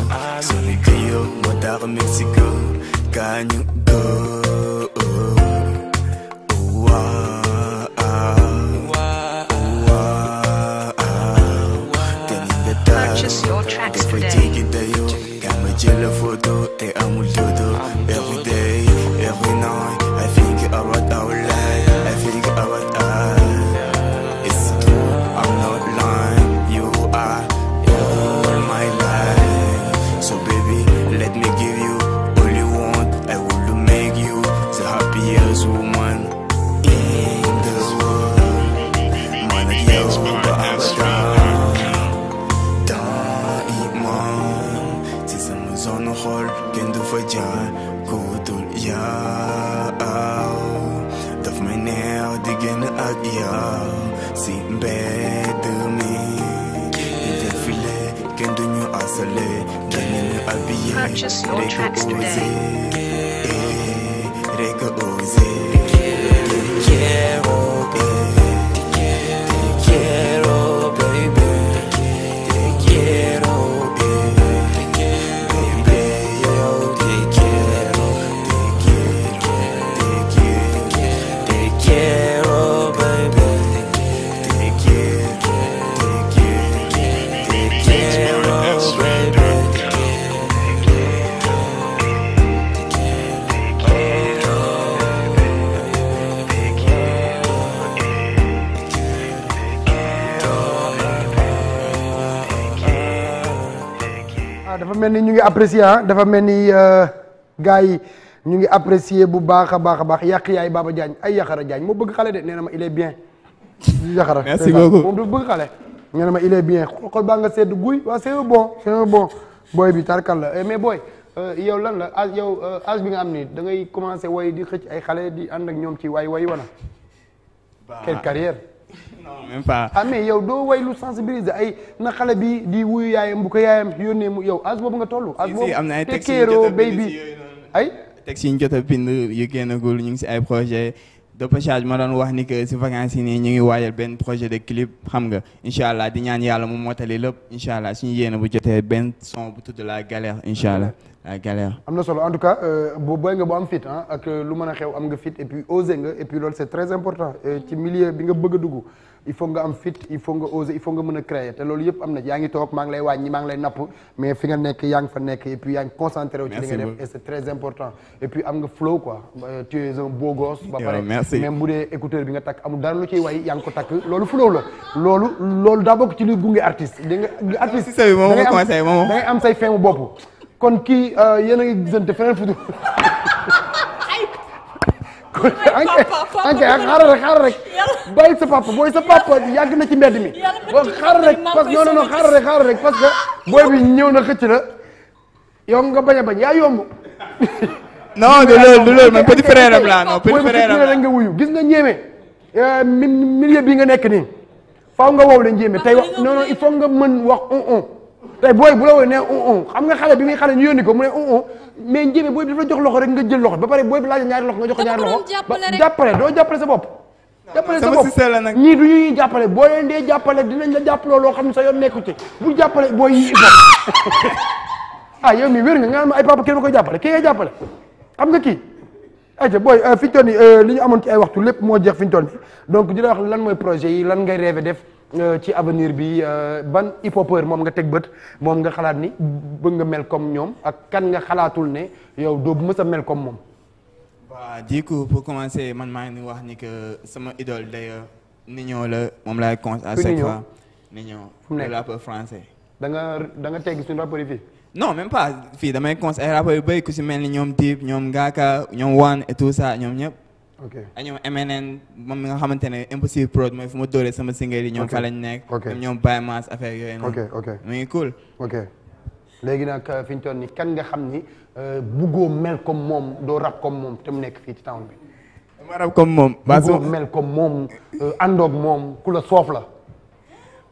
dafa mel ni ñu ngi apprécier ah dafa mel ni euh, gars yi ñu ngi apprécier bu baax a baax a baax yàq yaay Baba jaañ ay Yaxara jaañ moo bëgg xale de nee na ma il est bien. Yaxara merci beaucoup moom du bëgg xale. nee na ma il bien xool baa nga sedd guy waa c'est bon booy bi tarkal la eh, mais booy. Euh, yow lan la âge yow âge euh, bi nga am nii da ngay commencer way di xëcc ay xale di ànd ak ñoom ci waay way wana. quelle carrière. non même pas. ah yow doo way lu sensibiliser ay na xale bi di wuyu yaayam bu ko yaayam yónnee mu yow as boobu nga toll. as boobu tekkeeroo bay bi ay. texte yi ñu jot a bind yu génnagul ñu ngi si ay projet dépêchage ma doon wax ni que si vacances yi nii ñu ngi waajal benn projet de clip xam nga incha allah di ñaan yàlla mu motali lépp incha allah suñu yéene bu jotee benn son bu tudd la galère incha allah la galère. am na solo en tout cas euh, boo booy nga bu am fit ah, lu mën a xew am nga fit et puis osé nga et puis euh, ci milieu bi nga bëgg dugg. il faut nga am fit il faut nga oser il faut a créer te loolu yëpp am na yaa ngi toog maa ngi lay wàññi maa ngi lay napp mais fi nga nekk yaa ngi fa nekk et puis yaa ngi concentré wu ci li def et c'est très important et puis am nga flow quoi tu es ba pare même bu dee écouteur bi nga takk amul dara lu ciy way yaa ngi ko takk loolu flow la loolu loolu daa bokk ci luy gunge artiste di nga artiste bi moom am say feemu bopp kon kii euh, yéen a ngi gisante feneen [laughs] anke a xaaral rek xaaral rek bàyyi sa papa booy sa papa yàgg na ci mbedd mi xaaral rek parce que [laughs] booy bi ñëw na xëcc na yow nga bañ a bañ yaa yomb [laughs] non du loolu du man petit frère am laa non petit frère am laa nga wuyu gis nga ñéeme euh, nga nekk nii faaw nga wow la njéeme tey wax nga mën wax on on tey booy bu la woy ne on xam nga xale bi muy xale ñu yónni ko mu ne on mais njéeme booy bi dafa jox loxo rek nga jël loxo ba pare booy bi laaj ñaari loxo nga jox ñaari loxo jàppale doo jàppale sa bopp jàppale sa bopp ñii du ñuy jàppale boo dee jàppale dinañ la jàppaloo loo xam ne sa yoon nekku ce bu jàppale booy yi [laughs] ah yow mii wér nga nga ma ay papa kenn ma koy jàppale kii ngay jàppale xam nga kii ayca booy euh, fi ñu toll euh, li ñu amoon ci ay waxtu lépp moo jeex fi ñu donc di wax lan mooy projet yi lan ngay rêvé def Euh, ci avenir bi euh, ban hip moom nga teg bët moom nga xalaat ni bëgg nga mel comme ñoom ak kan nga xalaatul ne yow doo mës a mel comme moom. waaw du coup pour commencer man maa ngi wax ni que sama idole ni Nino la moom lay compte à chaque fois. Nino fu mu nekk le rappeur français. da nga da nga tegg suñu rappeur yi fii. non même pas fii damay compte ay rappeurs yu ku si mel ni ñoom Dip ñoom Ngaaka ñoom Wan et tout ça ñoom ñëpp. ok ak ñoom MNN moom mi nga xamante ne impossible prod mooy fu ma dóoree sama single yi ñoom fa lañ nekk. ok ñoom Baye Mass affaire yooyu noonu. ok ok mu ngi cool. léegi nag fi ñu toll nii kan nga xam ni euh, buggoo mel comme moom doo comme moom te nekk fii ci town bi. ma moom. buggoo mel comme moom euh, àndoog moom ku la soof la.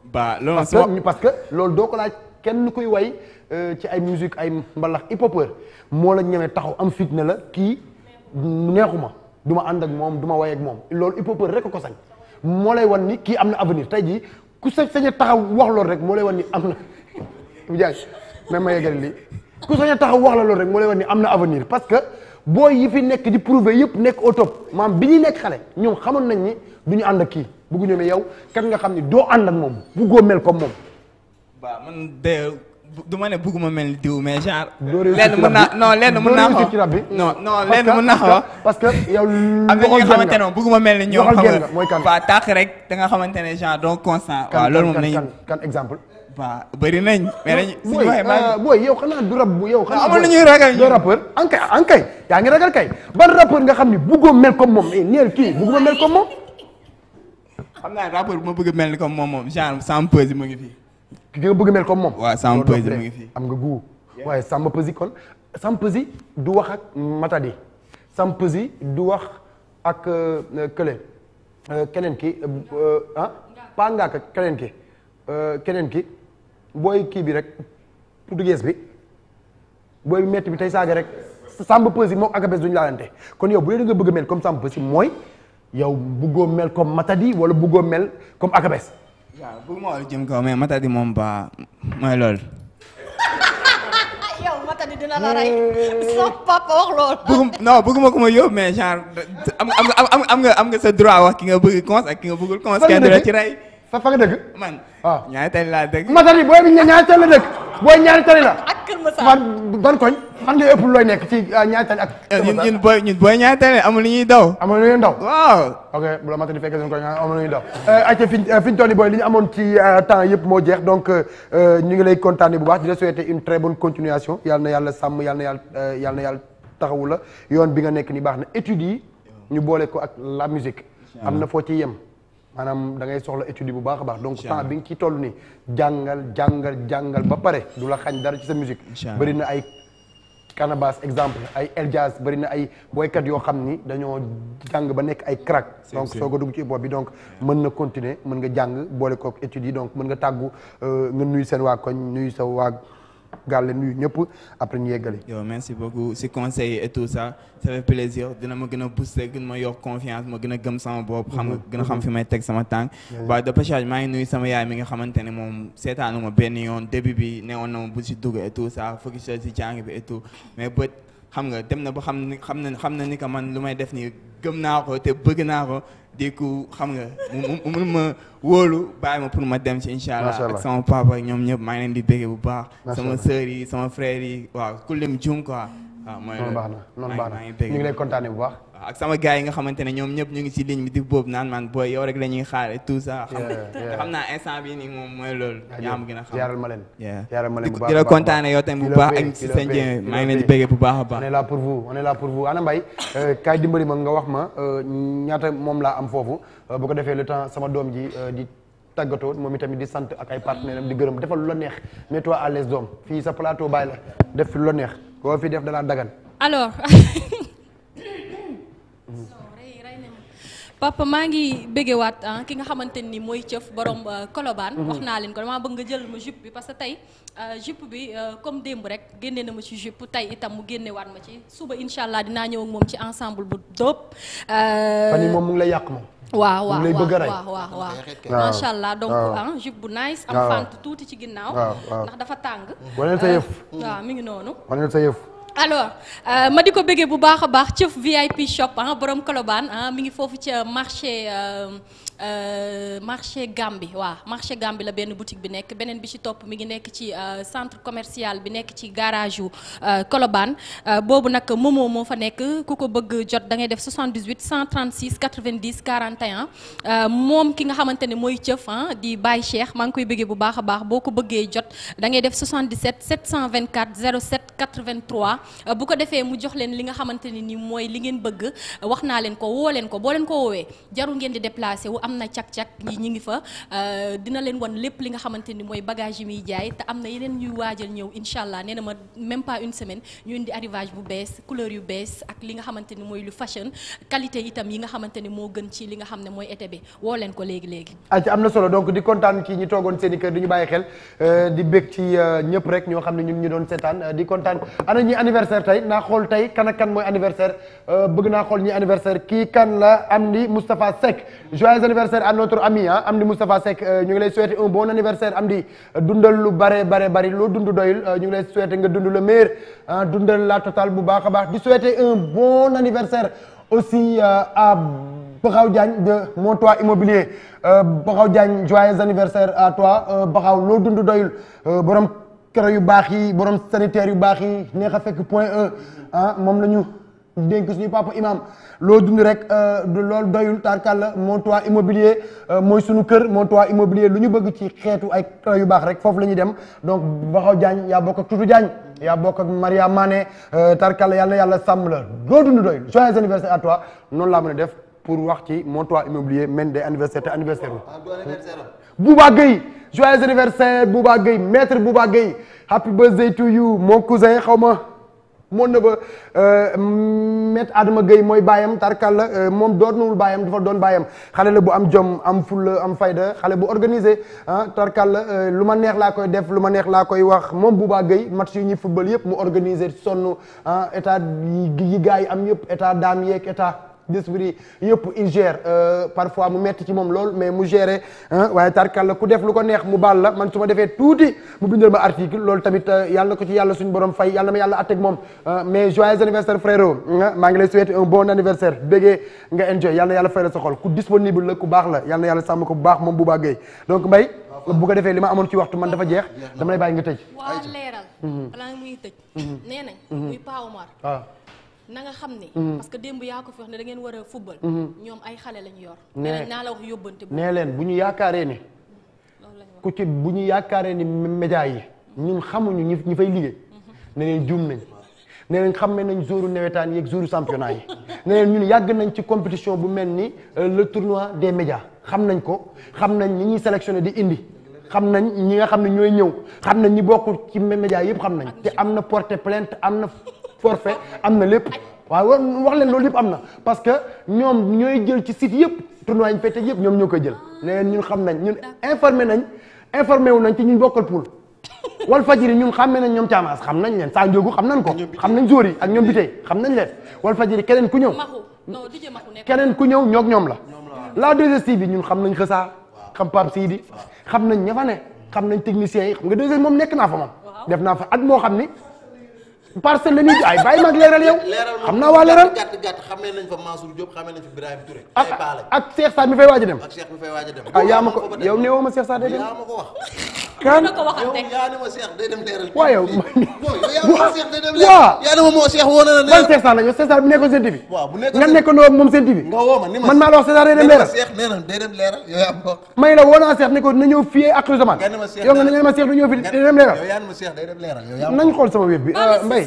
ba loolu parce que loolu doo ko laaj kenn kuy way euh, ci ay musique ay mbalax hip hopeur moo la ñeme taxaw am fit la kii neexuma. du ma ànd ak moom du ma way ak moom loolu hip hopeur rek ko sañ moo lay wan ni kii am na avenir tey jii ku sa sañ a taxaw wax loolu rek moo lay wan ni am na bu jaay même ma yeggali lii ku sañ taxaw wax la loolu rek moo lay wan ni am na avenir parce que boo yi fi nekk di prouve yëpp nekk au top maam bi ñuy nekk xale ñoom xamoon nañ ni du ñu ànd ak kii bëgguñu ne yow kat nga xam ni doo ànd ak moom buggoo mel comme moom. waaw man de. du ma ne bugguma mel ni diw mais genre. lenn mën naa non lenn mën naa xaw non non lenn mën naa xaw parce que yow. loxol nga xamante ne bugguma mel ni ñoom. loxol génn mooy kan waaw tàq rek da nga xamante ne genre donc constant. waaw loolu moom nañu kan exemple. waaw bëri nañ. mais dañuy suñu waxee bàyyi booy euh, yow xanaa du rab bu yow. xanaa amul lu ñuy ragal ñu doo rappeur an kay an kay yaa ngi ragal kay ban rappeur nga xam ni buggoo mel comme moom eh, neel kii bugguma mel comme moom. xam naa rappeur bu ma bëgg mel ni comme moom moom genre sans pause mu ngi fii ki nga bëgg mel comme moom. waaw Samba ngi fi am nga guub. waaye Samba Peuzzi kon Samba du wax ak Matadi Samba Peuzzi du wax ak euh, Kële euh, keneen ki euh, ah Pa Ngaaka keneen ki keneen ki booy kii bi rek portugees bi booy metti bi tey saaga rek Samba Peuzzi moom Agapès duñu laalante kon yow bu dee nga bëgg mel comme Samba Peuzzi mooy yow bëggoo mel comme Matadi wala bëggoo mel comme Agapès. waaw bu ma wàllu jëm kaw mais Matadi moom ba mooy lool. [laughs] yow Matadi dina la rey. Eh. sa papa wax lool. bëggum non bëgguma ko ma yóbbu mais genre am nga am nga am nga sa droit wax ki nga bëgg cons ak ki nga bëggul cons. kenn du la ci rey. fa fa nga dëgg. man ah. ñaari tali laa dëgg. Matari booy bi ñaari tali la dëgg booy ñaari tali la. ak Kër Masar ban koñ. fan nga ëpp looy nekk ci ah, ñaari tali ak. ñun ñun booy ñun booy ñaari tali amul ñuy daw. amul lu ñuy daw waaw. ok bu la Matari fekkee suñu koñ ah, eh, fi eh, fi ñu toll nii ñu amoon ci eh, temps yëpp moo jeex donc ñu ngi lay kontaanee bu baax di la souhaiter une très bonne continuation yal na yàlla sàmm yal na yàlla yàlla taxawu la yoon bi nga nekk ni baax na études yi ñu boole ko ak la musique am na foo ci yem maanaam da ngay soxla étude bu baax a baax donc temps bi nga ci toll nii jàngal jàngal jàngal ba pare du la xañ dara ci sa musique bëri na ay Canabas exemple ay El Jazz na ay woykat yoo xam ni dañoo jàng ba nekk ay crack donc soo ko dugg ci hip bi donc mën na continuer mën nga jàng boole kook études yi donc mën nga tàggu euh, nuyu seen waa koñ nuyu sa waa gaal leen nuyu ñëpp après ñu yeggali. yow merci beaucoup si conseil et tout plaisir dina ma gën a booster gën ma yokk confiance ma gën a gëm sama bopp. xam nga mhm. gën a xam mhm. fi may teg sama tànk. waaw de passage nuyu sama yaay mi nga xamante moom seetaanu ma benn yoon début bi newoon na ma bu si dugg et tout ça si jàng bi et tout mais bët xam nga dem na ba xam xam na xam na ni que man may def nii gëm te bëgg déku xam nga mu mun ma wóolu bàyyi ma pour ma dem ci incha allah ak sama papa ak ñoom ñëpp ngi leen di béggee bu baax. sama sœur yi sama frère yi waaw ku lim jum quoi. waaw mooy loolu noonu baax na noonu baax na ñu ngi lay kontaanee bu baax. waaw ak sama gars yi nga xamante ne ñoom ñëpp ñu ngi ci ligne bi di boobu naan man booy yow rek la ñuy xaare tout ça. xam naa instant bii nii moom mooy loolu. yaa ma gën a xam yaaral ma leen. yaaral ma leen bu baax di la kontaane yow a baax. on est là pour vous euh, ma nga wax ma euh, ñaata moom laa am foofu euh, bu ko defee le temps sama doom ji di. tàggatoo moom itamit di sant ak ay partenaire di gërëm defa lu la neex mets-toi à l'aise doom fii sa plateau baay la def fi lu la neex koo fi def dalaa dagan alors [laughs] papa maa ngi béggewaat ah, ki nga xamante ni mooy cëf borom kolobaan ah, mhm. wax naa leen ko damaa bëgg nga jël ma jupe bi parce que tey ah, jupe bi comme démb rek génne na ma ci jupe tey itam mu waat ma ci suba incha allah dinaa ñëw ak moom ci ensemble bu dóob. fan yii moom mu lay yàq moom. waaw waaw waaw waaw waaw macha allah donc ah jupe bu nice am fant tuuti ci ginnaaw. ndax dafa tàng. waneel sa yëf waaw mi ngi noonu. alors euh, ma di ko bëggee bu baax a baax cëf VIP shop ah borom Colobane ah mi ngi foofu ca marché. Euh, Euh, marché Gambi waaw marché Gambi la benn boutique bi nekk beneen bi ci topp mi ngi nekk ci euh, centre commercial bi nekk ci garage yu euh, Colobane boobu nag Momo moo fa nekk ku ko bëgg jot da ngay def 78 136 90 41 moom ki nga xamante ne mooy cëf ah, di Baye Cheikh maa ngi koy bëggee bu baax a baax boo ko bëggee jot da ngay def 77 724 07 83 bu ko defee mu jox leen li nga xamante ne ni mooy li ngeen bëgg wax naa leen ko woo leen ko boo leen ko woowee jaru ngeen di déplacé am na cak-cak yi ñi ngi fa euh, dina leen wan lépp li nga xamante ni mooy bagage yu muy jaay te am na yeneen ñuy waajal ñëw incha allah nee na ma même pas une semaine ñu indi arrivage bu bees couleur yu bees ak li nga xamante ni mooy lu fashion qualité itam yi nga xamante ni moo gën ci li nga xam ne mooy été bi woo leen ko léegi léegi ac am na solo donc di kontaan ci ñi toogoon seen i kër di ñu bàyyi xel euh, di bég ci euh, ñëpp rek ñoo xam ne ñun ñu doon seetaan di kontaan ana ñi anniversaire tey naa xool tey kan ak kan mooy anniversaire bëgg naa xool ñi anniversaire kii kan la am anniversaire à notre ami ah Amdi Moustapha Seck euh, ñu ngi lay souhaiter un bon anniversaire Amdi dundal lu bare bare bari loo dund doyul euh, ñu ngi lay souhaiter nga dund le meilleur ah dundal la totale bu baax a baax di souhaiter un bon anniversaire aussi euh, à Baxaw Diagne de Montois Immobilier Baxaw Diagne joyeux anniversaire à toi Baxaw loo dund doyul borom kër yu baax yi borom sanitaire yu baax yi neex a fekk point 1 moom la dénk suñu papa imam loo dund rek euh, loolu doyul tarkalla mon toit immobilier euh, mooy suñu kër mon toit immobilier lu ñu bëgg ci xeetu ay yu baax rek foofu la ñuy dem donc Baxaw Diagne yaa bokk ak Tutu Diagne yaa bokk ak Maria Mané euh, tarkalla yàlla yàlla sàmm la loo dund doyul joyeux anniversaire à noonu laa mën a def pour wax ci mon toit immobilier men des anniversaire te anniversaire bu ah, Bouba Gueye joyeux anniversaire Bouba Gueye maître Bouba Gueye happy birthday to you mon xaw ma mon neveu maître Adama Gueye mooy baayam tarkal la euh, moom doonul baayam dafa doon baayam xale la bu am jom am fulla am fayda xale bu organisé ah tarkal la euh, lu ma neex laa koy def lu ma neex laa koy wax moom bu baa Gueye match yu ñuy football yëpp mu organisé sonn ah état yi gars yi am yëpp état daam yeeg état d'esprit yëpp il gère euh, parfois mu metti moom lool mais mu géré waaye tarkal la ku def lu ko neex mu baal la man su ma defee tuuti mu bindal ma article loolu tamit euh, yàlla na ko ci yàlla suñu borom fay yàlla na yàlla atteg moom euh, mais joyeux anniversaire frérot maa ngi lay souhaiter un bon anniversaire béggee nga enjoy yàlla fay la sa xol ku disponible la ku baax la yàlla na ko bu baax moom bu baax gay donc mbay bu defee li ma amoon ci waxtu man dafa na nga xam ni. Mm-hmm. parce que démb yaa ko fi wax ne da ngeen war a football. Mm-hmm. ñoom ay xale lañu yor. nee naa la wax yóbbante. nee leen bu ñu yaakaaree ne. ku ci bu ñu yaakaaree ni média yi. ñun xamuñu ñi ñi fay liggéey. Mm-hmm. ne leen juum nañ. ne leen xammee nañ jouru nawetaan yeeg jouru championnat yi ne leen ñun yàgg nañ ci compétition bu mel ni euh, le tournoi des médias xam nañ ko xam nañ ñi ñuy sélectionné di indi xam nañ ñi nga xam ne ñooy ñëw xam nañ ñi bokkul ci média yëpp xam nañ am na porté plainte am na forfait am na lépp waaw wax leen loolu yëpp am na parce que ñoom ñooy jël ci sit yëpp tournoi yi ñu fay teg ñoom ñoo koy jël ne ñun xam nañ ñun informé nañ informé wu nañ ci ñun bokkal pool wal fajiri ñun xàmmee nañ ñoom caamaas xam nañ leen saa njóogu xam nañ ko xam nañ jóor yi ak ñoom bi tey xam nañ leen wal fajiri keneen ku ñëw keneen ku ñëw ñoog ñoom la la 2STV bi ñun xam nañ xësaa xam Pape Sidi xam nañ ña fa ne xam nañ techniciens yi xam nga 2STV moom nekk naa fa moom def naa fa at moo xam ni parcelle la ñuy ay bàyyi ma leeral yow. xam naa waa leeral ak ak Cheikh mi fay waaj a dem. ak a dem. ah yaa ma ko yow néewoo ne ma Cheikh day day dem leeral. may la woo naa Cheikh na ñëw fii ak Xiru Zaman nga ne ñëw fii day dem leeral. nañ xool sama web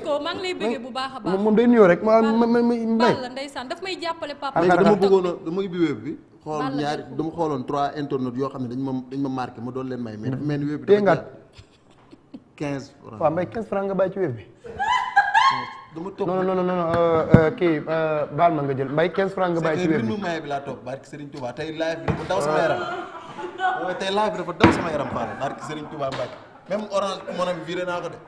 Bosco maa ngi lay bëggee bu baax a baax moom day nuyoo rek ma ma ma Balla ndeysaan daf may jàppale papa dama bëggoon a dama ubbi web bi xool ñaari dama xooloon trois internautes yoo xam ne dañ ma dañ ma marqué ma doon leen may mais dafa mel ni web bi dafa 15 francs waaw mais 15 francs nga bàyyi ci web bi dama topp non non non euh, euh, kii euh, baal ma nga jël mbay 15 francs nga bàyyi ci web bi mu maye bi laa topp barki Serigne Touba tey live bi dafa daw sama yaram [laughs] tey live bi dafa daw sama yaram Fall barki Serigne Touba Mbacke même orange moom viré naa ko de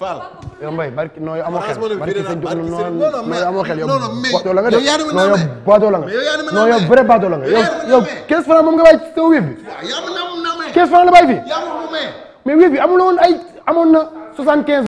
Fall. yow Mbaye barki nooy amoo xel barki sëñ Diop nooy amoo xel yow. baatoo la nga de nooy yow baatoo la nga. nooy yow vrai baatoo la nga yow yow 15 francs moom nga bàyyi sa wéef bi. 15 francs la bàyyi fi. mais wéef bi amul woon ay amoon na 75.